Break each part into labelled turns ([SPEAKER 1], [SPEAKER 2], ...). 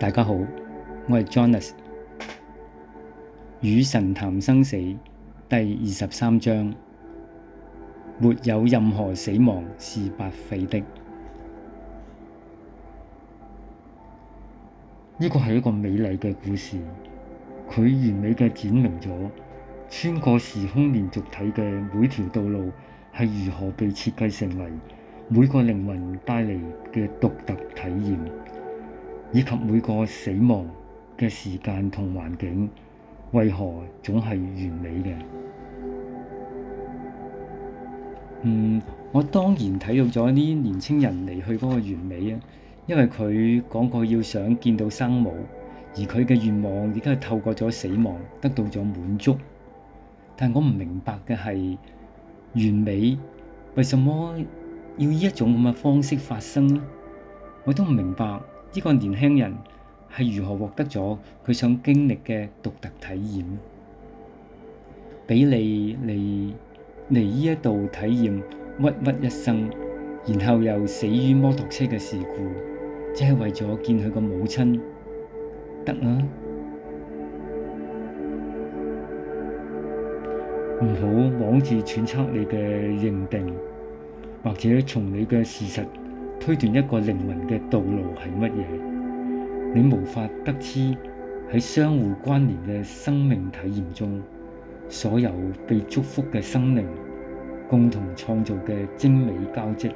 [SPEAKER 1] 大家好，我係 Jonas。與神談生死第二十三章，沒有任何死亡是白費的。呢個係一個美麗嘅故事，佢完美嘅展明咗，穿過時空連續體嘅每條道路係如何被設計成為每個靈魂帶嚟嘅獨特體驗。以及每個死亡嘅時間同環境，為何總係完美嘅？嗯，我當然睇到咗啲年青人離去嗰個完美啊，因為佢講過要想見到生母，而佢嘅願望亦都係透過咗死亡得到咗滿足。但我唔明白嘅係完美為什麼要以一種咁嘅方式發生呢？我都唔明白。呢個年輕人係如何獲得咗佢想經歷嘅獨特體驗？俾你嚟嚟呢一度體驗屈屈一生，然後又死於摩托車嘅事故，即係為咗見佢個母親，得啦！唔好妄自揣測你嘅認定，或者從你嘅事實。推斷一個靈魂嘅道路係乜嘢？你無法得知喺相互關聯嘅生命體驗中，所有被祝福嘅生靈共同創造嘅精美交織，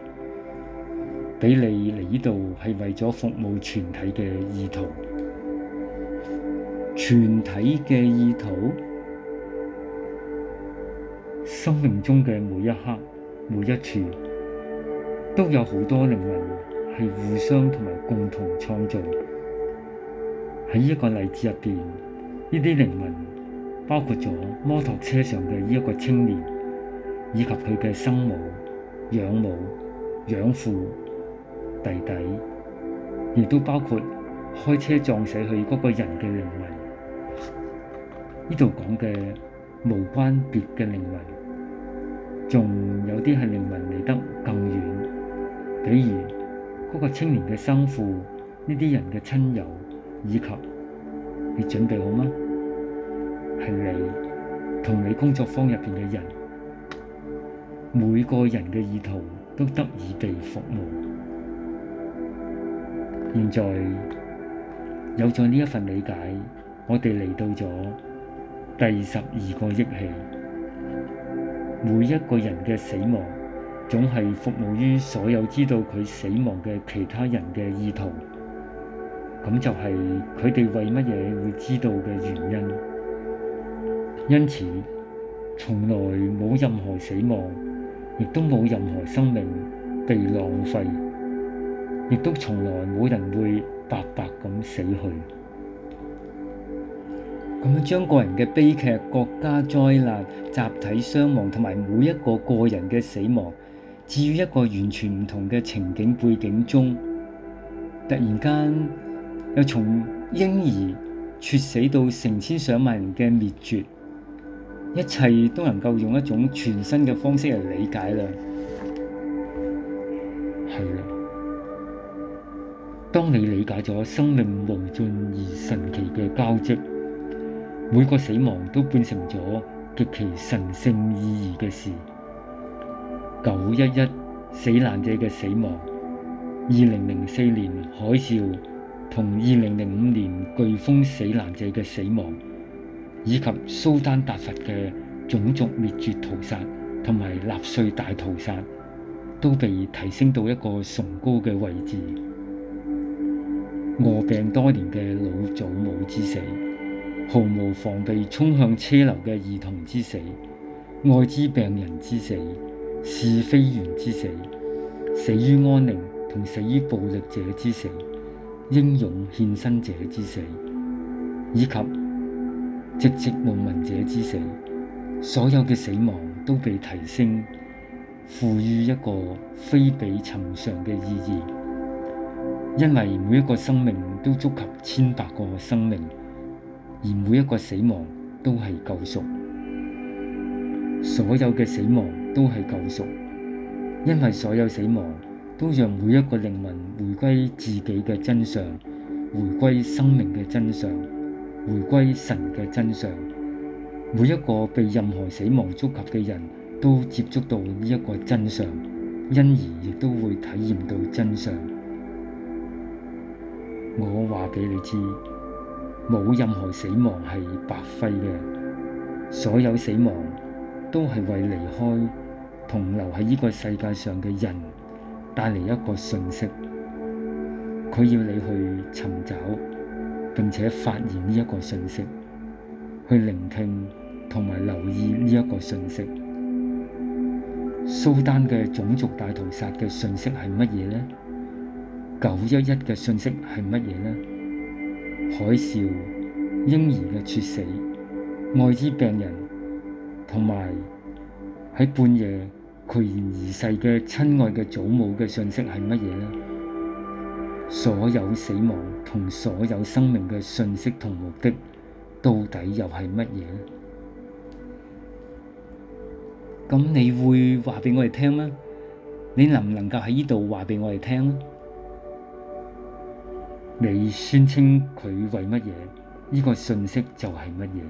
[SPEAKER 1] 畀你嚟呢度係為咗服務全體嘅意圖。全體嘅意圖，生命中嘅每一刻、每一處。都有好多靈魂係互相同埋共同創造。喺呢一個例子入邊，呢啲靈魂包括咗摩托車上嘅呢一個青年，以及佢嘅生母、養母、養父、弟弟，亦都包括開車撞死佢嗰個人嘅靈魂。呢度講嘅無關別嘅靈魂，仲有啲係靈魂嚟得。青年嘅生父，呢啲人嘅親友，以及你準備好嗎？係你同你工作坊入邊嘅人，每個人嘅意圖都得以被服務。現在有咗呢一份理解，我哋嚟到咗第十二個億氣，每一個人嘅死亡。總係服務於所有知道佢死亡嘅其他人嘅意圖，咁就係佢哋為乜嘢會知道嘅原因。因此，從來冇任何死亡，亦都冇任何生命被浪費，亦都從來冇人會白白咁死去。咁樣將個人嘅悲劇、國家災難、集體傷亡，同埋每一個個人嘅死亡。至於一個完全唔同嘅情景背景中，突然間又從嬰兒猝死到成千上萬人嘅滅絕，一切都能夠用一種全新嘅方式嚟理解啦。係啦，當你理解咗生命無盡而神奇嘅交織，每個死亡都變成咗極其神聖意義嘅事。九一一死難者嘅死亡，二零零四年海嘯同二零零五年颶風死難者嘅死亡，以及蘇丹達佛嘅種族滅絕屠殺同埋納粹大屠殺，都被提升到一個崇高嘅位置。臥病多年嘅老祖母之死，毫無防備衝向車流嘅兒童之死，愛滋病人之死。是非原之死，死於安寧同死於暴力者之死，英勇獻身者之死，以及寂寂無聞者之死，所有嘅死亡都被提升，賦予一個非比尋常嘅意義。因為每一個生命都觸及千百個生命，而每一個死亡都係救贖。所有嘅死亡。都係救贖，因為所有死亡都讓每一個靈魂回歸自己嘅真相，回歸生命嘅真相，回歸神嘅真相。每一個被任何死亡觸及嘅人都接觸到呢一個真相，因而亦都會體驗到真相。我話畀你知，冇任何死亡係白費嘅，所有死亡都係為離開，同留喺呢個世界上嘅人帶嚟一個訊息，佢要你去尋找並且發現呢一個訊息，去聆聽同埋留意呢一個訊息。蘇丹嘅種族大屠殺嘅訊息係乜嘢呢？九一一嘅訊息係乜嘢呢？海嘯、嬰兒嘅猝死、愛滋病人同埋喺半夜佢言而逝嘅親愛嘅祖母嘅信息係乜嘢咧？所有死亡同所有生命嘅信息同目的到底又係乜嘢咧？咁你會話畀我哋聽咩？你能唔能夠喺呢度話畀我哋聽咧？你宣稱佢為乜嘢？呢個信息就係乜嘢？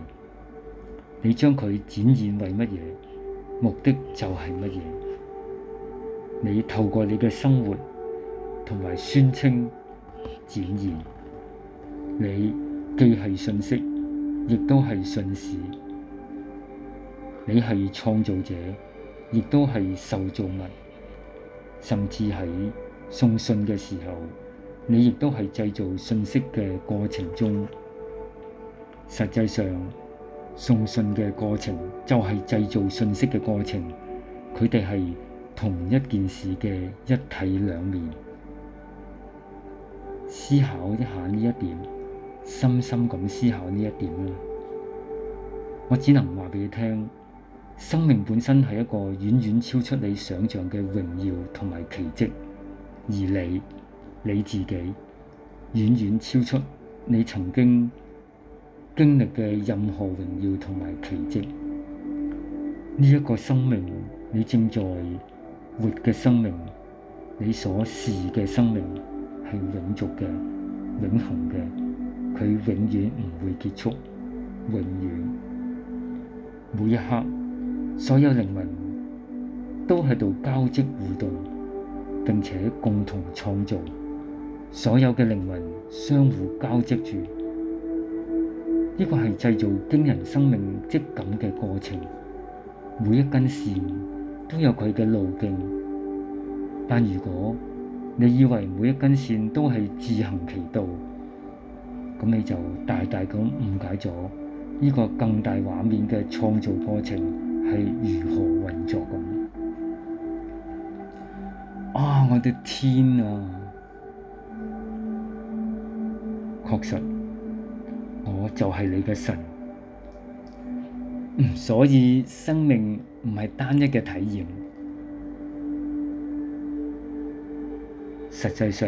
[SPEAKER 1] 你將佢展現為乜嘢？目的就係乜嘢？你透過你嘅生活同埋宣稱展現，你既係信息，亦都係信使。你係創造者，亦都係受造物。甚至喺送信嘅時候，你亦都係製造信息嘅過程中。實際上。送信嘅過程就係製造信息嘅過程，佢哋係同一件事嘅一體兩面。思考一下呢一點，深深咁思考呢一點啦。我只能話畀你聽，生命本身係一個遠遠超出你想象嘅榮耀同埋奇蹟，而你，你自己，遠遠超出你曾經經歷嘅任何榮耀同埋奇蹟，呢、這、一個生命，你正在活嘅生命，你所視嘅生命係永續嘅、永恆嘅，佢永遠唔會結束，永遠每一刻，所有靈魂都喺度交織互動，並且共同創造，所有嘅靈魂相互交織住。呢個係製造驚人生命織錦嘅過程，每一根線都有佢嘅路徑。但如果你以為每一根線都係自行其道，咁你就大大咁誤解咗呢個更大畫面嘅創造過程係如何運作咁。啊，我的天啊！確實。我就係你嘅神，所以生命唔係單一嘅體驗，實際上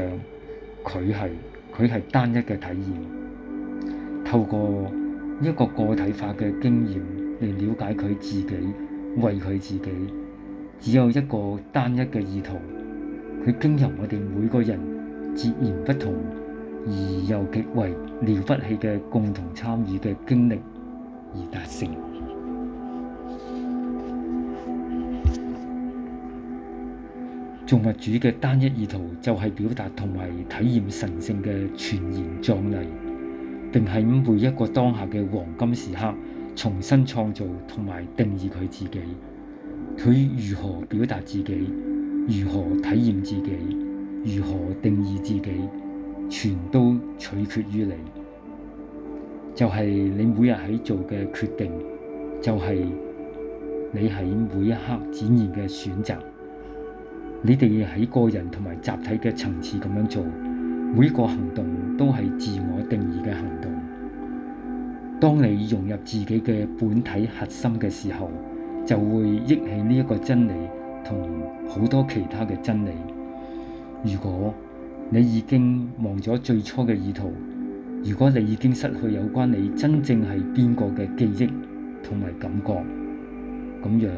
[SPEAKER 1] 佢係佢係單一嘅體驗，透過一個個體化嘅經驗嚟了解佢自己，為佢自己，只有一個單一嘅意圖，佢經由我哋每個人截然不同，而又極為了不起嘅共同參與嘅經歷而達成。造物主嘅單一意圖就係表達同埋體驗神性嘅全然壯麗，並喺每一個當下嘅黃金時刻重新創造同埋定義佢自己。佢如何表達自己？如何體驗自己？如何定義自己？全都取決於你，就係、是、你每日喺做嘅決定，就係、是、你喺每一刻展現嘅選擇。你哋喺個人同埋集體嘅層次咁樣做，每一個行動都係自我定義嘅行動。當你融入自己嘅本體核心嘅時候，就會憶起呢一個真理同好多其他嘅真理。如果你已經忘咗最初嘅意圖。如果你已經失去有關你真正係邊個嘅記憶同埋感覺，咁樣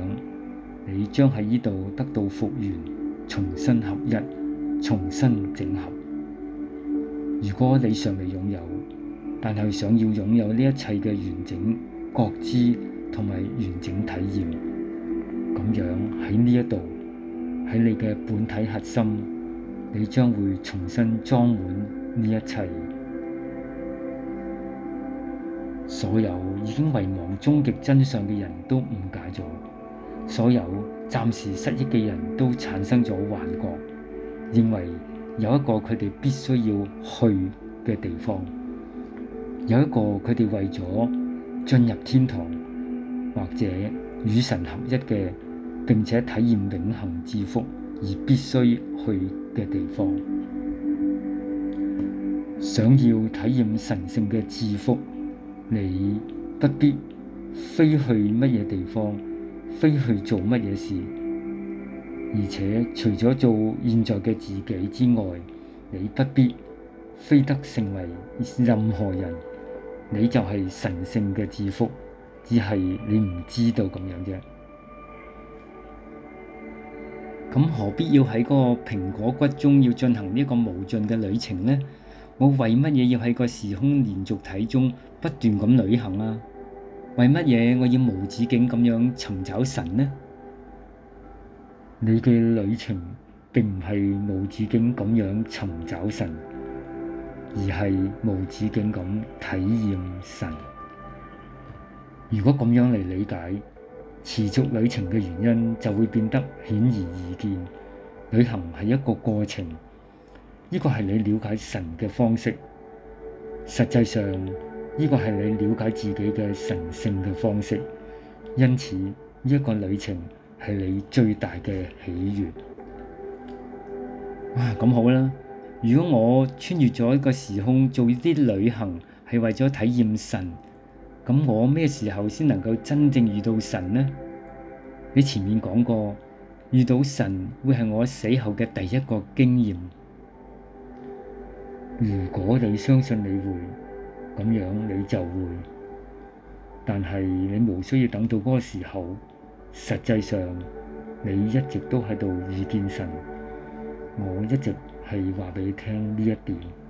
[SPEAKER 1] 你將喺呢度得到復原、重新合一、重新整合。如果你尚未擁有，但係想要擁有呢一切嘅完整覺知同埋完整體驗，咁樣喺呢一度喺你嘅本體核心。你將會重新裝滿呢一切。所有已經遺忘終極真相嘅人都誤解咗，所有暫時失憶嘅人都產生咗幻覺，認為有一個佢哋必須要去嘅地方，有一個佢哋為咗進入天堂或者與神合一嘅，並且體驗永恆之福而必須去。嘅地方，想要體驗神聖嘅賜福，你不必非去乜嘢地方，非去做乜嘢事，而且除咗做現在嘅自己之外，你不必非得成為任何人，你就係神聖嘅賜福，只係你唔知道咁樣啫。咁何必要喺嗰個蘋果骨中要進行呢一個無盡嘅旅程呢？我為乜嘢要喺個時空連續體中不斷咁旅行啊？為乜嘢我要無止境咁樣尋找神呢？你嘅旅程並唔係無止境咁樣尋找神，而係無止境咁體驗神。如果咁樣嚟理解。持續旅程嘅原因就會變得顯而易見。旅行係一個過程，呢個係你了解神嘅方式。實際上，呢個係你了解自己嘅神性嘅方式。因此，呢一個旅程係你最大嘅喜悦。啊，咁好啦！如果我穿越咗一個時空做呢啲旅行，係為咗體驗神。咁我咩時候先能夠真正遇到神呢？你前面講過，遇到神會係我死後嘅第一個經驗。如果你相信你會，咁樣你就會。但係你無需要等到嗰個時候，實際上你一直都喺度遇見神。我一直係話畀你聽呢一點。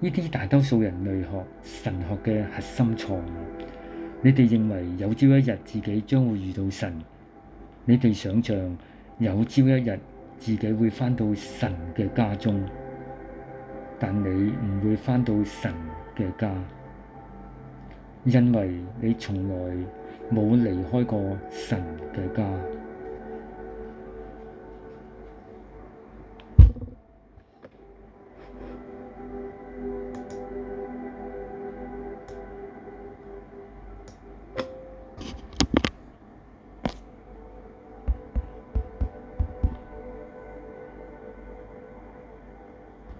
[SPEAKER 1] 呢啲大多數人類學、神學嘅核心錯誤，你哋認為有朝一日自己將會遇到神，你哋想像有朝一日自己會返到神嘅家中，但你唔會返到神嘅家，因為你從來冇離開過神嘅家。